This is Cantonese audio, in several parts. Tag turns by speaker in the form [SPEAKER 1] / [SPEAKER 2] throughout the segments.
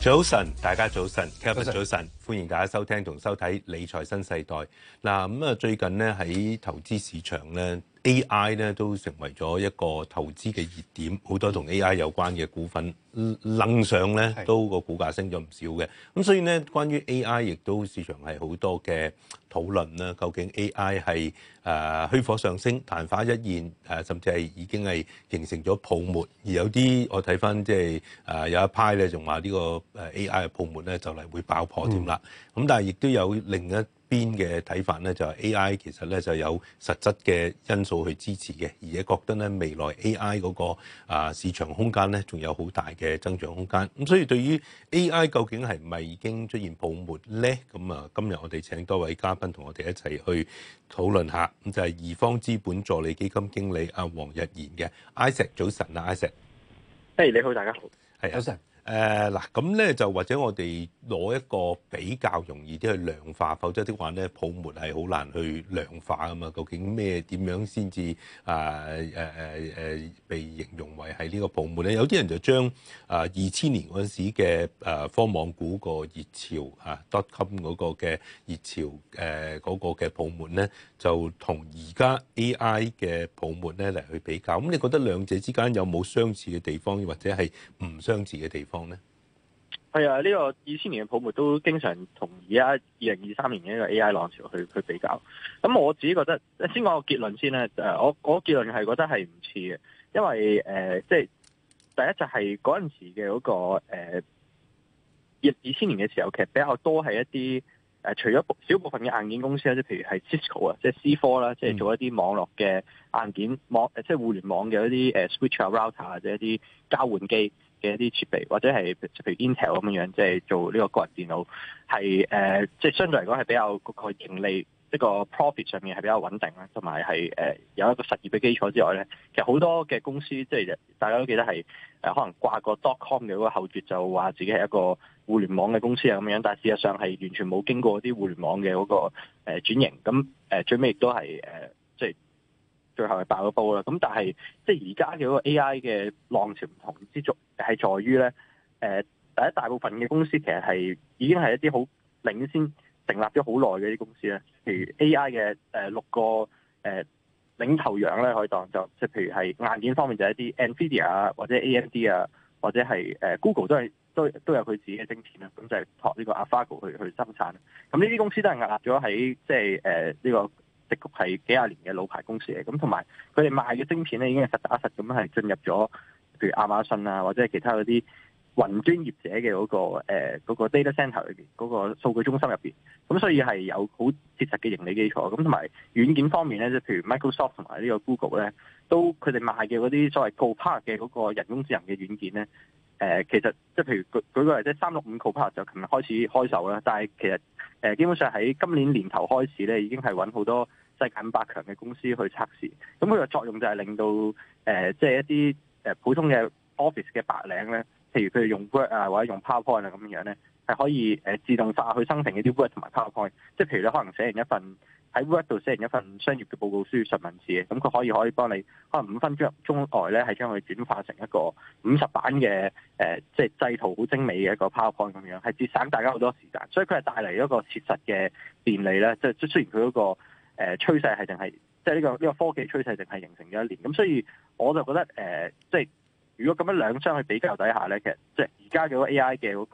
[SPEAKER 1] 早晨，大家早晨，Kevin 早晨，早晨。歡迎大家收聽同收睇《理財新世代》嗱，咁啊最近咧喺投資市場咧，AI 咧都成為咗一個投資嘅熱點，好多同 AI 有關嘅股份掕上咧，都個股價升咗唔少嘅。咁所以咧，關於 AI 亦都市場係好多嘅討論啦。究竟 AI 係誒虛火上升、曇花一現，誒甚至係已經係形成咗泡沫，而有啲我睇翻即係誒有一派咧，仲話呢個誒 AI 嘅泡沫咧就嚟會爆破添啦。嗯咁但係亦都有另一邊嘅睇法咧，就係 AI 其實咧就有實質嘅因素去支持嘅，而且覺得咧未來 AI 嗰個啊市場空間咧仲有好大嘅增長空間。咁所以對於 AI 究竟係唔係已經出現泡沫呢？咁啊，今日我哋請多位嘉賓同我哋一齊去討論下。咁就係、是、易方資本助理基金經理王逸研嘅。Isaac 早晨啊，Isaac。嘿 IS，hey, 你好，大家好。係是早誒嗱，咁咧、呃、就或者我哋攞一個比較容易啲去量化，否則的話咧泡沫係好難去量化噶嘛。究竟咩點樣先至啊誒誒誒被形容為係呢個泡沫咧？有啲人就將啊二千年嗰陣時嘅誒科網股個熱潮啊 dotcom 嗰個嘅熱潮誒嗰、呃嗰個嘅泡沫咧，就同而家 AI 嘅泡沫咧嚟去比較。咁你覺得兩者之間有冇相似嘅地方，或者係唔相似嘅地方？
[SPEAKER 2] 放咧，係啊！呢個二千年嘅泡沫都經常同而家二零二三年嘅一個 A I 浪潮去去比較。咁我自己覺得，先講個結論先啦。我我結論係覺得係唔似嘅，因為誒、呃，即係第一就係嗰陣時嘅嗰、嗰個誒，二二千年嘅時候其實比較多係一啲誒、呃，除咗少部分嘅硬件公司啦，即譬如係 Cisco 啊，即係思科啦，即係做一啲網絡嘅硬件網，嗯、即係互聯網嘅一啲誒 switch router 或者一啲交換機。嘅一啲設備，或者係譬如 Intel 咁樣樣，即係做呢個個人電腦，係誒，即係相對嚟講係比較個盈利，即個 profit 上面係比較穩定啦，同埋係誒有一個實業嘅基礎之外咧，其實好多嘅公司，即係大家都記得係誒可能掛個 dotcom 嘅嗰個後綴，就話自己係一個互聯網嘅公司啊咁樣，但係事實上係完全冇經過啲互聯網嘅嗰個誒轉型，咁誒最尾亦都係誒即係，呃就是最後係爆咗煲啦，咁但係即係而家嘅嗰個 AI 嘅浪潮唔同之處係在於咧，誒第一大部分嘅公司其實係已經係一啲好領先成立咗好耐嘅啲公司咧，譬如 AI 嘅誒、呃、六個誒、呃、領頭羊咧可以當作即係譬如係硬件方面就係一啲 NVIDIA 或者 AMD 啊或者係誒、呃、Google 都係都都有佢自己嘅晶片啊，咁、嗯、就係託呢個 AlphaGo 去去生產，咁呢啲公司都係壓咗喺即係誒呢個。的確係幾廿年嘅老牌公司嚟，咁同埋佢哋賣嘅晶片咧已經係實打實咁係進入咗，譬如亞馬遜啊，或者其他嗰啲雲專業者嘅嗰個誒、呃嗰個 data center 裏邊、嗰個數據中心入邊，咁所以係有好切實嘅盈利基礎。咁同埋軟件方面咧，即係譬如 Microsoft 同埋呢個 Google 咧，都佢哋賣嘅嗰啲所謂高 part 嘅嗰個人工智能嘅軟件咧。誒、呃、其實即係譬如舉舉個例，即、就、係、是、三六五 Copilot 就琴日開始開售啦。但係其實誒、呃、基本上喺今年年頭開始咧，已經係揾好多世界五百強嘅公司去測試。咁佢個作用就係令到誒即係一啲誒普通嘅 office 嘅白領咧，譬如佢哋用 Word 啊或者用 PowerPoint 啊咁樣咧，係可以誒自動化去生成一啲 Word 同埋 PowerPoint。即係譬如你可能寫完一份。喺 Word 度寫完一份商業嘅報告書，純文字嘅，咁佢可以可以幫你可能五分鐘鐘內咧，係將佢轉化成一個五十版嘅誒，即、呃、係、就是、製圖好精美嘅一個 PowerPoint 咁樣，係節省大家好多時間。所以佢係帶嚟一個切實嘅便利咧。即、就、係、是、雖然佢嗰、那個誒、呃、趨勢係淨係即係呢個呢、這個科技趨勢，淨係形成咗一年。咁所以我就覺得誒，即、呃、係、就是、如果咁樣兩相去比較底下咧，其實即係而家嘅 AI 嘅嗰、那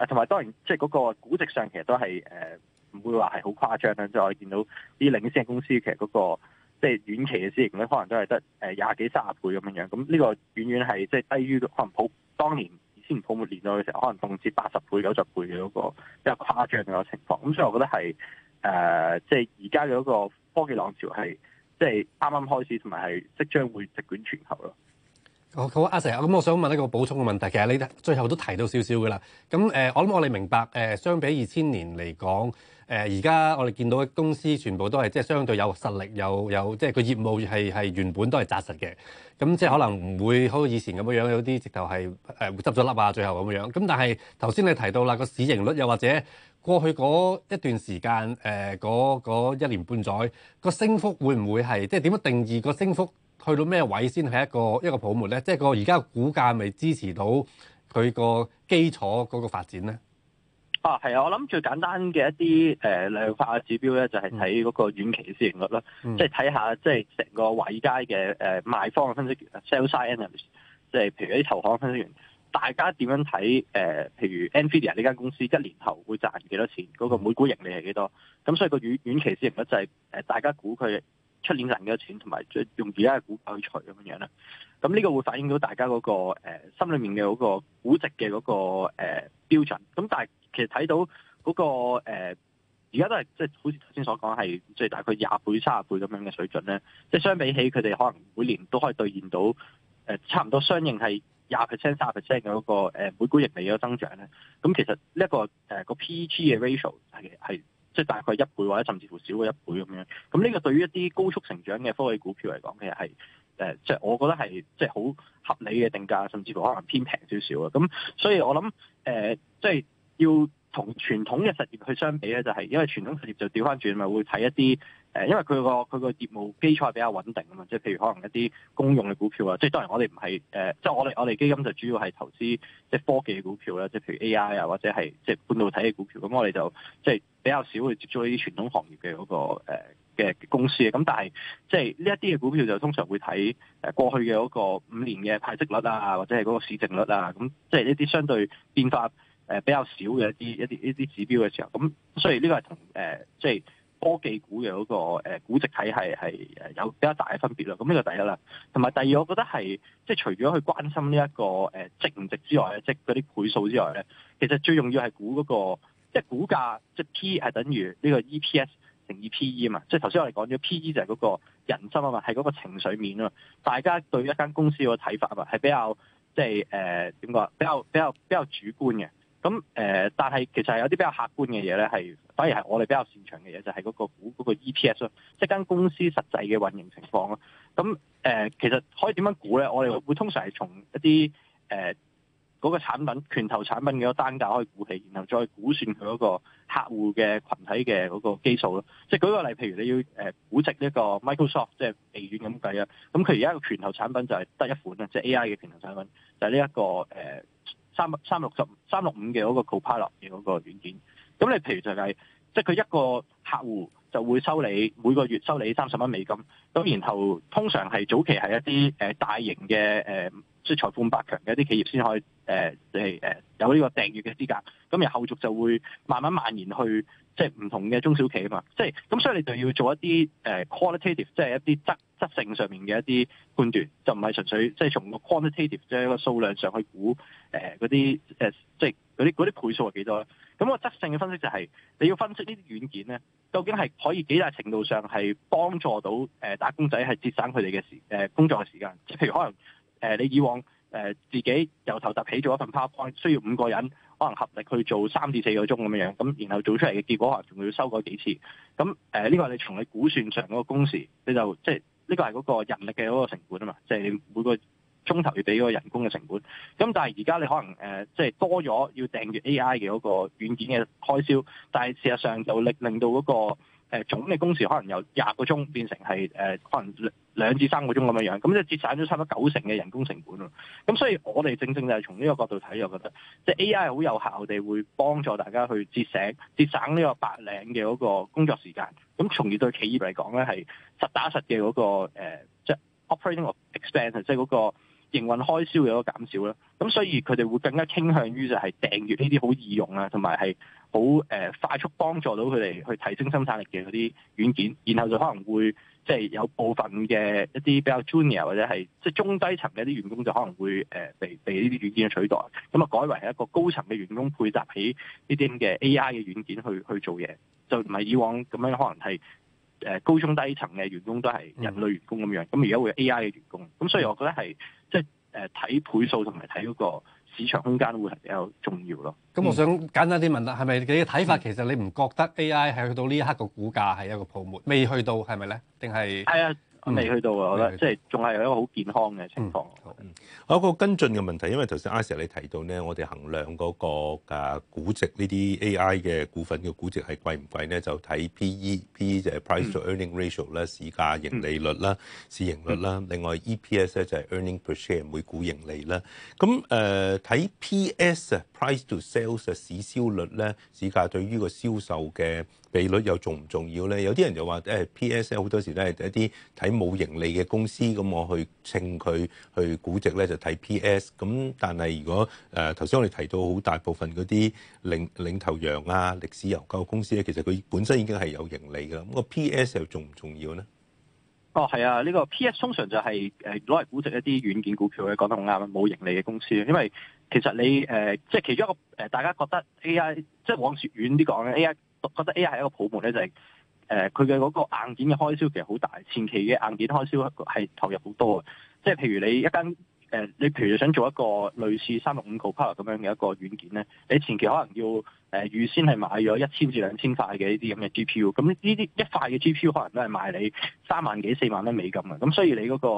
[SPEAKER 2] 個同埋、啊、當然即係嗰個估值上其實都係誒。呃唔會話係好誇張啦，所以我見到啲領先公司其實嗰個即係遠期嘅市盈率可遠遠，可能都係得誒廿幾、三十倍咁樣樣。咁呢個遠遠係即係低於可能普當年二千五泡沫年代嘅時候，可能動至八十倍、九十倍嘅嗰個比較誇張嘅情況。咁所以我覺得係誒，即係而家嘅嗰個科技浪潮係即係啱啱開始，同埋係即將會席捲全球咯。
[SPEAKER 3] 好，阿成，咁我想問一個補充嘅問題。其實你最後都提到少少㗎喇。咁誒，我諗我哋明白誒，相比二千年嚟講，誒而家我哋見到嘅公司全部都係即係相對有實力，有有即係個業務係係原本都係紮實嘅。咁即係可能唔會好似以前咁樣樣，有啲直頭係誒執咗笠啊，最後咁樣樣。咁但係頭先你提到啦，個市盈率又或者過去嗰一段時間誒，嗰嗰一年半載個升幅會唔會係即係點樣定義個升幅？去到咩位先係一個一個泡沫咧？即係個而家股價未支持到佢個基礎嗰個發展咧？
[SPEAKER 2] 啊，係啊！我諗最簡單嘅一啲誒、呃、量化嘅指標咧，就係睇嗰個遠期市盈率啦。即係睇下即係成個華爾街嘅誒賣方嘅分析員 sales 即係譬如一啲投行分析員，大家點樣睇誒、呃？譬如 Nvidia 呢間公司一年後會賺幾多錢？嗰、那個每股盈利係幾多？咁所以個遠遠期市盈率就係、是、誒、呃、大家估佢。出年賺幾多錢，同埋即係用而家嘅股價去除咁樣樣咧，咁呢個會反映到大家嗰、那個、呃、心裡面嘅嗰個估值嘅嗰、那個誒、呃、標準。咁但係其實睇到嗰、那個而家、呃、都係即係好似頭先所講係即係大概廿倍、三十倍咁樣嘅水準咧，即、就、係、是、相比起佢哋可能每年都可以兌現到誒、呃、差唔多相應係廿 percent、三十 percent 嘅嗰個、呃、每股盈利嘅增長咧，咁其實呢、這、一個誒個、呃、PEG 嘅 ratio 係、就、係、是。即係大概一倍或者甚至乎少過一倍咁樣。咁呢個對於一啲高速成長嘅科技股票嚟講，其實係誒，即、呃、係、就是、我覺得係即係好合理嘅定價，甚至乎可能偏平少少啊。咁所以我諗誒，即、呃、係、就是、要同傳統嘅實業去相比咧，就係、是、因為傳統實業就調翻轉，咪會睇一啲。誒，因為佢個佢個業務基礎係比較穩定啊嘛，即係譬如可能一啲公用嘅股票啊，即係當然我哋唔係誒，即係我哋我哋基金就主要係投資即係科技嘅股票啦，即係譬如 AI 啊或者係即係半導體嘅股票，咁、嗯、我哋就即係比較少去接觸呢啲傳統行業嘅嗰、嗰個嘅、呃、公司嘅，咁但係即係呢一啲嘅股票就通常會睇誒過去嘅嗰個五年嘅派息率啊，或者係嗰個市淨率啊，咁、嗯、即係一啲相對變化誒、呃、比較少嘅一啲一啲一啲指標嘅時候，咁、嗯、所以呢個係同誒、呃、即係。科技股嘅嗰、那個、呃、估值體系係誒有比較大嘅分別啦，咁、這、呢個第一啦，同埋第二，我覺得係即係除咗去關心呢、這、一個誒、呃、值唔值之外咧，即係嗰啲倍數之外咧，其實最重要係估嗰個即係股價，即係 P 係等於呢個 EPS 乘以、e、PE 嘛，即係頭先我哋講咗 PE 就係嗰個人心啊嘛，係嗰個情緒面啊嘛，大家對一間公司個睇法啊嘛，係比較即係誒點講比較比較比較主觀嘅。咁誒、嗯，但係其實係有啲比較客觀嘅嘢咧，係反而係我哋比較擅長嘅嘢，就係、是、嗰、那個股嗰、那個、E P S 咯，即係間公司實際嘅運營情況咯。咁、嗯、誒、呃，其實可以點樣估咧？我哋會通常係從一啲誒嗰個產品、拳頭產品嘅單價可以估起，然後再估算佢嗰個客戶嘅群體嘅嗰個基數咯。即係舉個例，譬如你要誒估值呢個 Microsoft，即係微軟咁計啊。咁佢而家個拳頭產品就係得一款啊，即、就、係、是、A I 嘅拳頭產品就係呢一個誒。呃三三六十三六五嘅嗰個 Copilot 嘅嗰個軟件，咁你譬如就係即係佢一個客戶就會收你每個月收你三十蚊美金，咁然後通常係早期係一啲誒大型嘅誒即係財富五百強嘅一啲企業先可以誒誒誒有呢個訂閲嘅資格，咁然後後續就會慢慢蔓延去即係唔同嘅中小企啊嘛，即係咁所以你就要做一啲誒、呃、qualitative，即係一啲質。質性上面嘅一啲判斷，就唔係純粹即係從個 quantitative，即係一個數量上去估誒嗰啲誒，即係啲啲倍數係幾多咧？咁個質性嘅分析就係、是、你要分析呢啲軟件咧，究竟係可以幾大程度上係幫助到誒、呃、打工仔係節省佢哋嘅時誒、呃、工作嘅時間，即係譬如可能誒、呃、你以往誒、呃、自己由頭搭起做一份 PowerPoint 需要五個人可能合力去做三至四個鐘咁樣，咁然後做出嚟嘅結果可能仲要修改幾次，咁誒呢個你從你估算上嗰個工時你就即係。呢個係嗰個人力嘅嗰個成本啊嘛，即、就、係、是、每個鐘頭要俾嗰人工嘅成本。咁但係而家你可能誒，即、呃、係、就是、多咗要訂閱 AI 嘅嗰個軟件嘅開銷，但係事實上就令令到嗰、那個誒、呃、總嘅工時可能由廿個鐘變成係誒、呃、可能。兩至三個鐘咁樣樣，咁即係節省咗差唔多九成嘅人工成本咯。咁所以我哋正正就係從呢個角度睇，我覺得即係、就是、AI 好有效地會幫助大家去節省節省呢個白領嘅嗰個工作時間，咁從而對企業嚟講咧係實打實嘅嗰、嗰個即係 operating expense，即係嗰個營運開銷有咗減少啦。咁所以佢哋會更加傾向於就係訂閲呢啲好易用啊，同埋係。好誒，快速幫助到佢哋去提升生產力嘅嗰啲軟件，然後就可能會即係有部分嘅一啲比較 junior 或者係即係中低層嘅一啲員工就可能會誒、呃、被被呢啲軟件取代，咁啊改為係一個高層嘅員工配搭起呢啲咁嘅 AI 嘅軟件去去做嘢，就唔係以往咁樣可能係誒、呃、高中低層嘅員工都係人類員工咁樣，咁而家會有 AI 嘅員工，咁所以我覺得係即係。誒睇倍數同埋睇嗰個市場空間都會係比較重要咯。
[SPEAKER 3] 咁我想簡單啲問啦，係咪你嘅睇法其實你唔覺得 A I 係去到呢一刻個股價係一個泡沫？未去到係咪咧？定係？係啊。
[SPEAKER 2] 未、嗯、去到啊，我覺得、嗯、即係
[SPEAKER 3] 仲係有
[SPEAKER 1] 一個好健康嘅情況。嗯、好，我、嗯、一、那個跟進嘅問題，因為頭先阿 Sir 你提到咧，我哋衡量嗰個估值呢啲 AI 嘅股份嘅估值係貴唔貴咧？就睇 PE，P 就係 price to earning ratio 咧、嗯，市價盈利率啦，市、嗯、盈率啦，嗯、另外 EPS 咧就係 earning per share 每股盈利啦。咁誒睇 PS 啊，price to sales 嘅市銷率咧，市價對於個銷售嘅。比率又重唔重要咧？有啲人就話誒 P/S 好多時都係一啲睇冇盈利嘅公司咁，我去稱佢去估值咧就睇 P/S。咁但係如果誒頭先我哋提到好大部分嗰啲領領頭羊啊、歷史悠久公司咧，其實佢本身已經係有盈利㗎。咁個 P/S 又重唔重要咧？
[SPEAKER 2] 哦，係啊，呢個 P/S 通常就係誒攞嚟估值一啲軟件股票嘅，講得好啱冇盈利嘅公司，因為其實你誒即係其中一個誒，大家覺得 A.I. 即係往住遠啲講咧 A.I. 覺得 A.I. 係一個泡沫咧，就係誒佢嘅嗰個硬件嘅開銷其實好大，前期嘅硬件開銷係投入好多嘅。即係譬如你一間誒、呃，你譬如想做一個類似三六五 Copilot 咁樣嘅一個軟件咧，你前期可能要誒、呃、預先係買咗一千至兩千塊嘅呢啲咁嘅 G.P.U.，咁呢啲一塊嘅 G.P.U. 可能都係賣你三萬幾四萬蚊美金啊。咁、嗯、所以你嗰、那個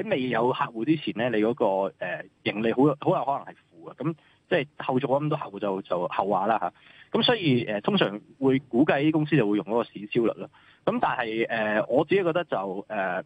[SPEAKER 2] 喺未有客戶之前咧，你嗰、那個、呃、盈利好好有可能係負嘅咁。嗯即係後續咁多客戶就就後話啦嚇，咁、嗯、所以誒、呃、通常會估計啲公司就會用嗰個市銷率咯，咁、嗯、但係誒、呃、我自己覺得就誒、呃，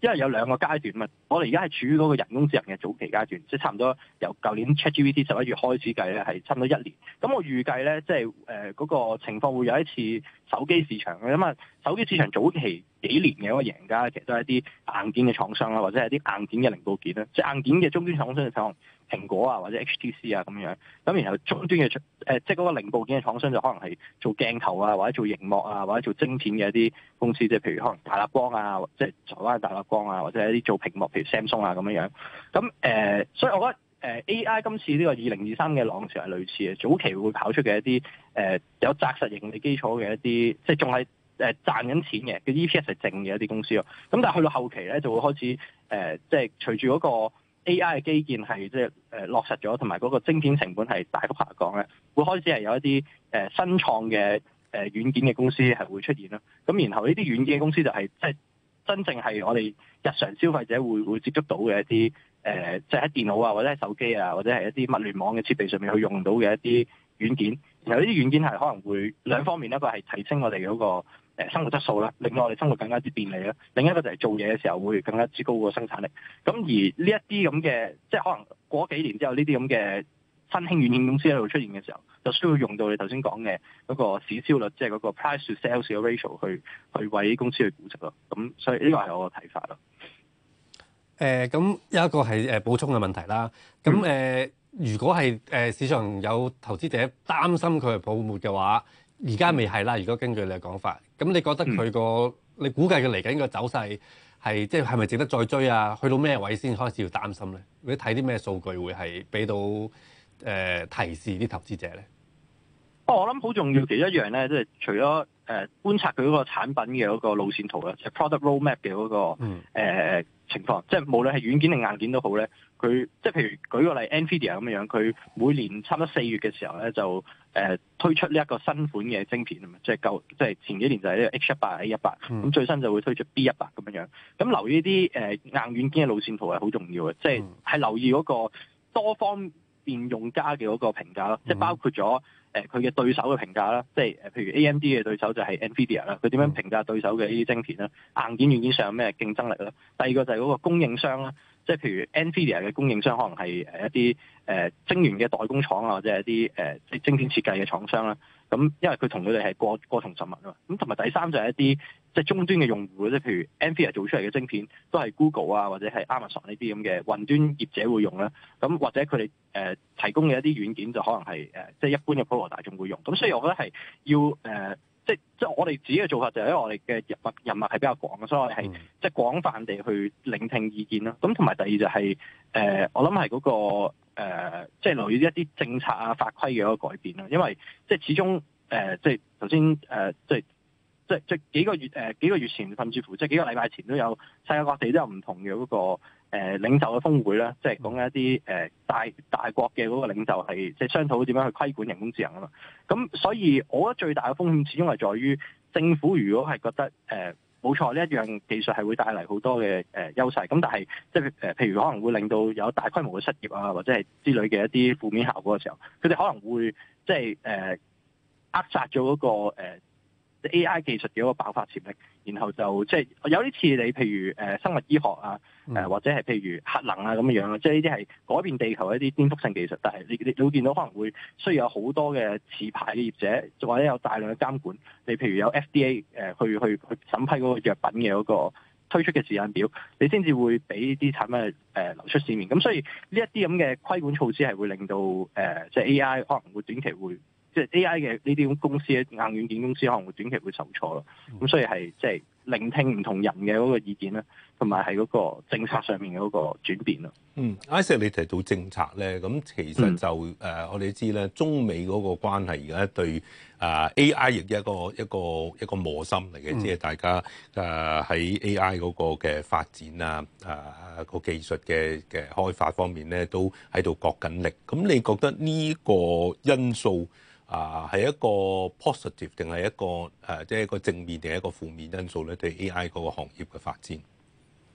[SPEAKER 2] 因為有兩個階段嘛，我哋而家係處於嗰個人工智能嘅早期階段，即係差唔多由舊年 ChatGPT 十一月開始計咧，係差唔多一年，咁、嗯、我預計咧即係誒嗰個情況會有一次手機市場，因為手機市場早期幾年嘅嗰個贏家其實都係啲硬件嘅廠商啦，或者係啲硬件嘅零部件啦，即係硬件嘅中端廠商嘅情蘋果啊，或者 HTC 啊咁樣，咁然後終端嘅出、呃、即係嗰個零部件嘅廠商就可能係做鏡頭啊，或者做熒幕啊，或者做晶片嘅一啲公司，即係譬如可能大立光啊，即係台灣大立光啊，或者一啲做屏幕，譬如 Samsung 啊咁樣。咁誒、呃，所以我覺得誒、呃、AI 今次呢個二零二三嘅浪潮係類似嘅，早期會跑出嘅一啲誒、呃、有紮實盈利基礎嘅一啲，即係仲係誒賺緊錢嘅，嘅 EPS 係正嘅一啲公司咯。咁但係去到後期咧，就會開始誒、呃，即係隨住嗰個。A.I. 嘅基建係即係誒落實咗，同埋嗰個晶片成本係大幅下降咧，會開始係有一啲誒新創嘅誒軟件嘅公司係會出現啦。咁然後呢啲軟件嘅公司就係即係真正係我哋日常消費者會會接觸到嘅一啲誒，即係喺電腦啊，或者係手機啊，或者係一啲物聯網嘅設備上面去用到嘅一啲軟件。然後呢啲軟件係可能會兩方面，一個係提升我哋嗰個。誒生活質素啦，令到我哋生活更加之便利啦，另一個就係做嘢嘅時候會更加之高個生產力。咁而呢一啲咁嘅，即係可能過幾年之後呢啲咁嘅新興軟件公司喺度出現嘅時候，就需要用到你頭先講嘅嗰個市銷率，即係嗰個 price to sales ratio 去去為公司去估值咯。咁所以呢個係我嘅睇法咯。
[SPEAKER 3] 誒、呃，咁有一個係誒補充嘅問題啦。咁誒、嗯呃，如果係誒市場有投資者擔心佢係泡沫嘅話，而家未係啦，如果根據你嘅講法，咁你覺得佢個，嗯、你估計佢嚟緊個走勢係，即係係咪值得再追啊？去到咩位先開始要擔心咧？或者睇啲咩數據會係俾到誒、呃、提示啲投資
[SPEAKER 2] 者咧、哦？我諗好重要嘅一樣咧，即、就、係、是、除咗。誒、呃、觀察佢嗰個產品嘅嗰個路線圖啦，即係 product roadmap 嘅嗰、那個、呃、情況，即係無論係軟件定硬件都好咧，佢即係譬如舉個例 NVIDIA 咁樣樣，佢每年差唔多四月嘅時候咧就誒、呃、推出呢一個新款嘅晶片啊嘛，即係舊即係前幾年就係呢個 H 一百 A 一百、嗯，咁最新就會推出 B 一百咁樣樣，咁留意啲誒、呃、硬軟件嘅路線圖係好重要嘅，即係係留意嗰個多方。變用家嘅嗰個評價咯，即係包括咗誒佢嘅對手嘅評價啦，即係誒譬如 AMD 嘅對手就係 NVIDIA 啦，佢點樣評價對手嘅呢啲晶片咧？硬件、軟件上有咩競爭力咧？第二個就係嗰個供應商啦，即係譬如 NVIDIA 嘅供應商可能係誒一啲誒、呃、晶圓嘅代工廠啊，或者一啲誒、呃、晶片設計嘅廠商啦。咁、嗯、因為佢同佢哋係過過同實物啊嘛。咁同埋第三就係一啲。即係終端嘅用戶即啲，譬如 Nvidia 做出嚟嘅晶片，都係 Google 啊或者係 Amazon 呢啲咁嘅雲端業者會用啦。咁或者佢哋誒提供嘅一啲軟件就可能係誒即係一般嘅普羅大眾會用。咁所以我覺得係要誒，即係即係我哋自己嘅做法就係因為我哋嘅人脈人脈係比較廣，所以我係即係廣泛地去聆聽意見啦。咁同埋第二就係、是、誒、呃，我諗係嗰個即係、呃就是、留意一啲政策啊法規嘅一個改變啦。因為即係始終誒，即係頭先誒，即、就、係、是。呃就是即係幾個月誒、呃、幾個月前，甚至乎即係幾個禮拜前都有世界各地都有唔同嘅嗰、那個誒、呃、領袖嘅峰會啦。即係講緊一啲誒、呃、大大國嘅嗰個領袖係即係商討點樣去規管人工智能啊嘛。咁所以我覺得最大嘅風險始終係在於政府如果係覺得誒冇、呃、錯呢一樣技術係會帶嚟好多嘅誒、呃、優勢，咁但係即係誒、呃、譬如可能會令到有大規模嘅失業啊，或者係之類嘅一啲負面效果嘅時候，佢哋可能會即係誒扼殺咗嗰、那個、呃呃呃呃呃呃呃 A.I. 技術嘅一個爆發潛力，然後就即係、就是、有啲似你，譬如誒、呃、生物醫學啊，誒、呃、或者係譬如核能啊咁樣咯，即係呢啲係改變地球一啲顛覆性技術，但係你你，你會見到可能會需要有好多嘅持牌嘅業者，或者有大量嘅監管。你譬如有 F.D.A. 誒、呃、去去去審批嗰個藥品嘅嗰個推出嘅時間表，你先至會俾啲產品誒流出市面。咁、嗯、所以呢一啲咁嘅規管措施係會令到誒即係 A.I. 可能會短期會。即係 A.I. 嘅呢啲公司，硬軟件公司可能短期會受挫咯。咁、嗯、所以係即係聆聽唔同人嘅嗰個意見咧，同埋係嗰個政策上面嗰個
[SPEAKER 1] 轉變咯。嗯，Isaac 你提到政策咧，咁其實就誒、嗯呃、我哋知咧，中美嗰個關係而家對啊、呃、A.I. 亦一個一個一個磨心嚟嘅，嗯、即係大家誒喺、呃、A.I. 嗰個嘅發展啊，誒個技術嘅嘅開發方面咧，都喺度角緊力。咁你覺得呢個因素？啊，係一個 positive 定係一個誒，即、啊、係、就是、一個正面定係一個負面因素咧？對、就是、AI 嗰個行業嘅發展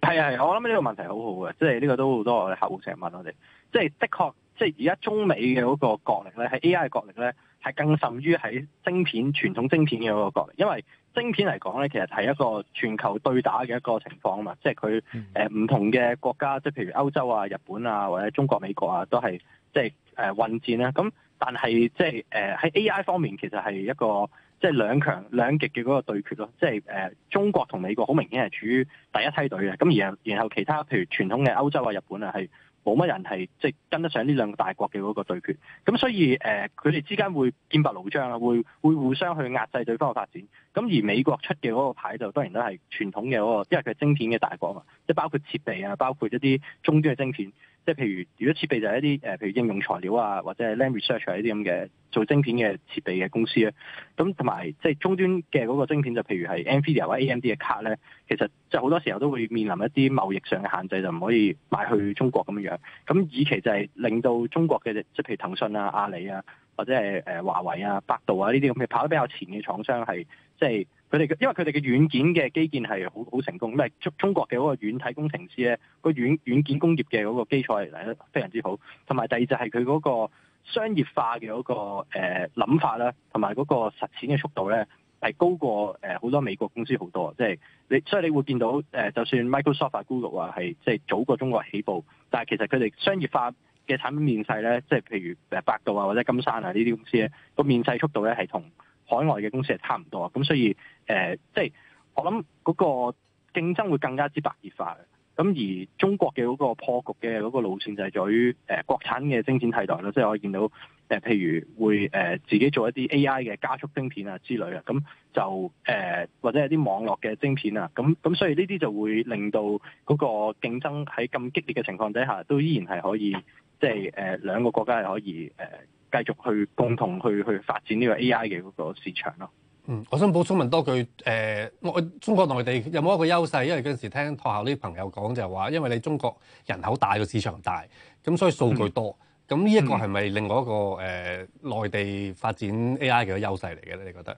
[SPEAKER 2] 係係，我諗呢個問題好好嘅，即係呢個都好多我哋客戶成日問我哋，即、就、係、是、的確，即係而家中美嘅嗰個角力咧，喺 AI 嘅角力咧，係更甚於喺晶片傳統晶片嘅嗰個角力，因為晶片嚟講咧，其實係一個全球對打嘅一個情況啊嘛，即係佢誒唔同嘅國家，即係譬如歐洲啊、日本啊或者中國、美國啊，都係即係。誒混戰咧，咁但係即係誒喺 AI 方面，其實係一個即係、就是、兩強兩極嘅嗰個對決咯，即係誒中國同美國好明顯係處於第一梯隊嘅，咁而然後其他譬如傳統嘅歐洲啊、日本啊，係冇乜人係即係跟得上呢兩個大國嘅嗰個對決，咁所以誒佢哋之間會劍拔弩張啦，會會互相去壓制對方嘅發展。咁而美國出嘅嗰個牌就當然都係傳統嘅嗰個，因為佢係晶片嘅大國啊，即係包括設備啊，包括一啲中端嘅晶片，即係譬如如果設備就係一啲誒，譬如應用材料啊，或者係 Lam Research 呢啲咁嘅做晶片嘅設備嘅公司啊，咁同埋即係中端嘅嗰個晶片就譬如係 Nvidia 或者 AMD 嘅卡咧，其實就好多時候都會面臨一啲貿易上嘅限制，就唔可以賣去中國咁樣樣。咁以期就係令到中國嘅即係譬如騰訊啊、阿里啊，或者係誒華為啊、百度啊呢啲咁嘅跑得比較前嘅廠商係。即係佢哋嘅，因為佢哋嘅軟件嘅基建係好好成功，咁中中國嘅嗰個軟體工程師咧，個軟軟件工業嘅嗰個基礎係嚟得非常之好。同埋第二就係佢嗰個商業化嘅嗰個誒諗法啦，同埋嗰個實踐嘅速度咧係高過誒好多美國公司好多。即係你，所以你會見到誒，就算 Microsoft、Google 啊係即係早過中國起步，但係其實佢哋商業化嘅產品面世咧，即係譬如誒百度啊或者金山啊呢啲公司咧，個面世速度咧係同海外嘅公司係差唔多啊，咁所以誒，即、呃、係、就是、我諗嗰個競爭會更加之白熱化嘅。咁而中國嘅嗰個破局嘅嗰個路線就係在於誒、呃、國產嘅晶片替代咯，即、就、係、是、我見到誒、呃，譬如會誒、呃、自己做一啲 AI 嘅加速晶片啊之類啊，咁就誒、呃、或者係啲網絡嘅晶片啊，咁咁所以呢啲就會令到嗰個競爭喺咁激烈嘅情況底下，都依然係可以即係誒兩個國家係可以誒。呃繼續去共同去去發展呢個 AI 嘅嗰個市場咯。嗯，我想補充問多句，誒、呃，我
[SPEAKER 3] 中國內地有冇一個優勢？因為嗰陣時聽學校啲朋友講就係話，因為你中國人口大，個市場大，咁所以數據多。咁呢一個係咪另外一個誒、呃、內地發展 AI 嘅優勢嚟嘅咧？你覺得？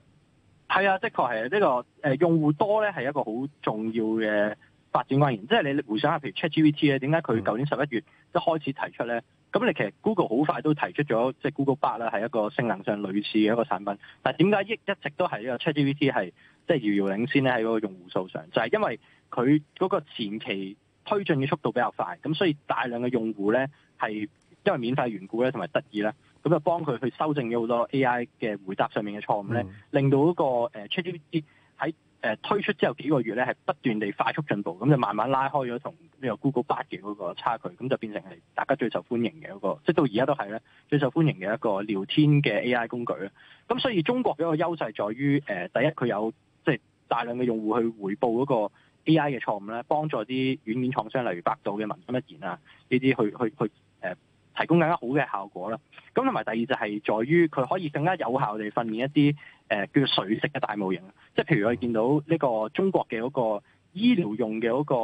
[SPEAKER 2] 係啊，的確係呢、這個誒、呃、用戶多咧，係一個好重要嘅發展關鍵。即、就、係、是、你回想下，譬如 ChatGPT 咧，點解佢舊年十一月一開始提出咧？咁你其實 Google 好快都提出咗，即係 Google Bard 係一個性能上類似嘅一個產品。但係點解一一直都係呢個 ChatGPT 係即係遙遙領先咧喺嗰個用戶數上，就係因為佢嗰個前期推進嘅速度比較快，咁所以大量嘅用戶咧係因為免費緣故咧同埋得意咧，咁就幫佢去修正咗好多 AI 嘅回答上面嘅錯誤咧，令到嗰個 ChatGPT。誒推出之後幾個月咧，係不斷地快速進步，咁就慢慢拉開咗同呢個 Google Bard 嘅嗰個差距，咁就變成係大家最受歡迎嘅嗰個，即、就、係、是、到而家都係咧最受歡迎嘅一個聊天嘅 AI 工具啦。咁所以中國嘅一個優勢在於誒、呃，第一佢有即係、就是、大量嘅用戶去回報嗰個 AI 嘅錯誤咧，幫助啲軟件廠商，例如百度嘅文心一言啊，呢啲去去去。去去提供更加好嘅效果啦，咁同埋第二就係在於，佢可以更加有效地訓練一啲誒、呃、叫做水食嘅大模型，即係譬如我哋見到呢個中國嘅嗰個醫療用嘅嗰個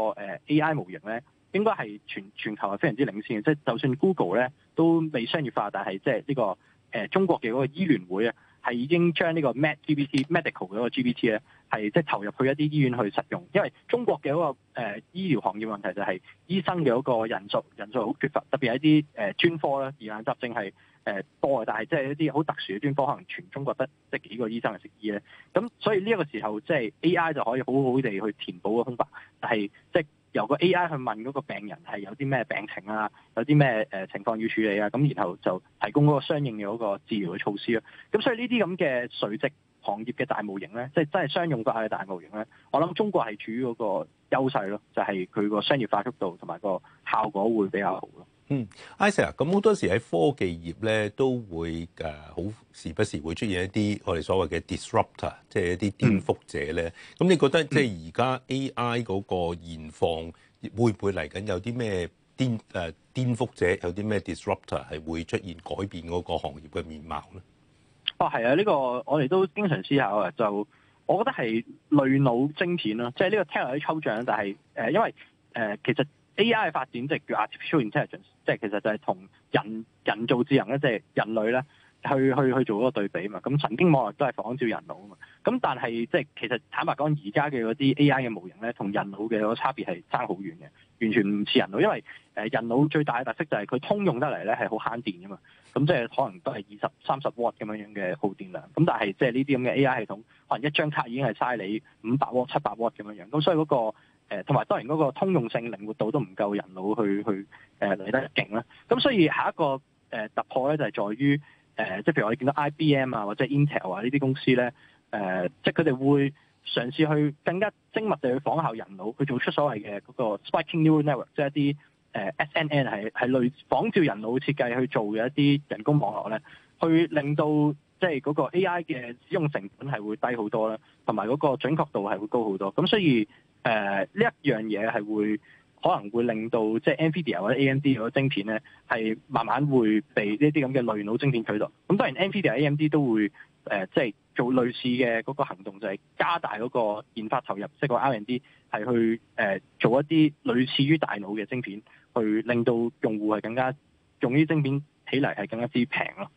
[SPEAKER 2] AI 模型咧，應該係全全球係非常之領先嘅，即係就算 Google 咧都未商業化，但係即係呢個誒、呃、中國嘅嗰個醫聯會啊。係已經將呢個 Med GPT Medical 嗰個 GPT 咧，係即係投入去一啲醫院去實用，因為中國嘅嗰、那個誒、呃、醫療行業問題就係醫生嘅嗰個人數人數好缺乏，特別係一啲誒、呃、專科咧，疑難雜症係誒多嘅，但係即係一啲好特殊嘅專科，可能全中國得即係幾個醫生嚟食醫咧。咁所以呢一個時候，即係 AI 就可以好好地去填補個空白，係即係。由個 AI 去問嗰個病人係有啲咩病情啊，有啲咩誒情況要處理啊，咁然後就提供嗰個相應嘅嗰個治療嘅措施啊。咁所以呢啲咁嘅垂直行業嘅大模型咧，即係真係商用化嘅大模型咧，我諗中國係處於嗰個優勢咯，就係佢個商業化速度同埋個效果會比較好咯。
[SPEAKER 1] 嗯，Isaac，咁好多時喺科技業咧都會誒好、啊、時不時會出現一啲我哋所謂嘅 disruptor，即係一啲顛覆者咧。咁、嗯、你覺得即係而家 AI 嗰個現況會唔會嚟緊有啲咩顛誒顛覆者，有啲咩 disruptor 係會出現改變嗰個行業嘅面貌咧？
[SPEAKER 2] 哦，係啊，呢、呢個我哋都經常思考啊。就我覺得係類腦晶片咯，即係呢個聽落啲抽象，但係誒、呃、因為誒、呃、其實 AI 嘅發展即係叫 artificial intelligence。即係其實就係同人人造智能咧，即係人類咧去去去做嗰個對比嘛。咁神經網絡都係仿照人腦啊嘛。咁但係即係其實坦白講，而家嘅嗰啲 AI 嘅模型咧，同人腦嘅個差別係爭好遠嘅，完全唔似人腦。因為誒人腦最大嘅特色就係佢通用得嚟咧，係好慳電㗎嘛。咁、嗯、即係可能都係二十三十 W 咁樣樣嘅耗電量。咁但係即係呢啲咁嘅 AI 系統，可能一張卡已經係嘥你五百 W、七百 W 咁樣樣。咁所以嗰、嗰個誒同埋當然嗰個通用性靈活度都唔夠人腦去去誒嚟、呃、得勁啦，咁所以下一個誒、呃、突破咧就係、是、在於誒、呃、即係譬如我哋見到 IBM 啊或者 Intel 啊呢啲公司咧誒、呃、即係佢哋會嘗試去更加精密地去仿效人腦，去做出所謂嘅嗰個 Spiking Neural Network，即係一啲誒、呃、SNN 係係類仿照人腦設計去做嘅一啲人工網絡咧，去令到即係嗰個 AI 嘅使用成本係會低好多啦，同埋嗰個準確度係會高好多，咁所以。誒呢、呃、一樣嘢係會可能會令到即係 NVIDIA 或者 AMD 嗰晶片咧，係慢慢會被呢啲咁嘅類腦晶片取代。咁、嗯、當然 NVIDIA、AMD 都會誒、呃、即係做類似嘅嗰個行動，就係、是、加大嗰個研發投入，即係個 R&D 係去誒、呃、做一啲類似於大腦嘅晶片，去令到用戶係更加用於晶片起嚟係更加之平咯。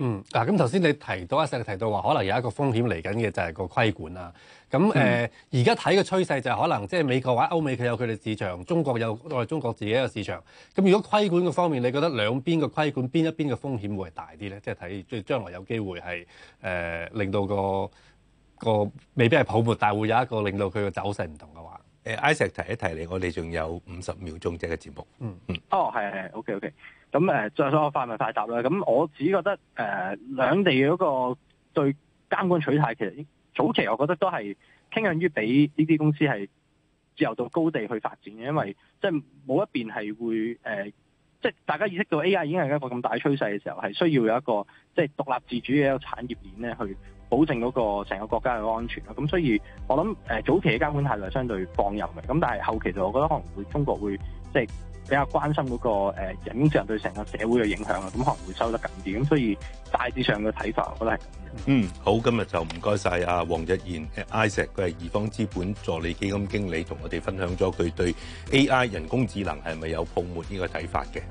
[SPEAKER 2] 嗯，嗱、啊，咁頭
[SPEAKER 3] 先你提到阿研提到話，可能有一個風險嚟緊嘅就係個規管啦、啊。咁誒，而家睇嘅趨勢就係可能即係美國或者歐美佢有佢哋市場，中國有我哋中國自己嘅市場。咁如果規管嘅方面，你覺得兩邊嘅規管邊一邊嘅風險會係大啲咧？即係睇即係將來有機會係誒、呃、令到個個未必係泡沫，但會有一個令到佢嘅走勢唔同嘅話。誒，Isaac 提一提你，我哋仲有五十秒鐘啫嘅節目。
[SPEAKER 2] 嗯嗯，哦，係係，OK OK。咁誒，再我快問快答啦。咁我自己覺得誒，兩、呃、地嗰個對監管取態，其實早期我覺得都係傾向於俾呢啲公司係自由度高地去發展嘅，因為即係冇一邊係會誒，即、呃、係、就是、大家意識到 AI 已經係一個咁大趨勢嘅時候，係需要有一個即係獨立自主嘅一個產業鏈咧去。保證嗰個成個國家嘅安全咯，咁所以我諗誒早期嘅監管態度係相對放任嘅，咁但係後期就我覺得可能會中國會即係比較關心嗰個誒人工智能對成個社會嘅影響啊，咁可能會收得緊啲，咁所以大致上嘅睇法我覺得係
[SPEAKER 1] 咁樣。嗯，好，今日就唔該晒阿王逸研，Isaac 佢係易方資本助理基金經理，同我哋分享咗佢對 AI 人工智能係咪有泡沫呢個睇法嘅。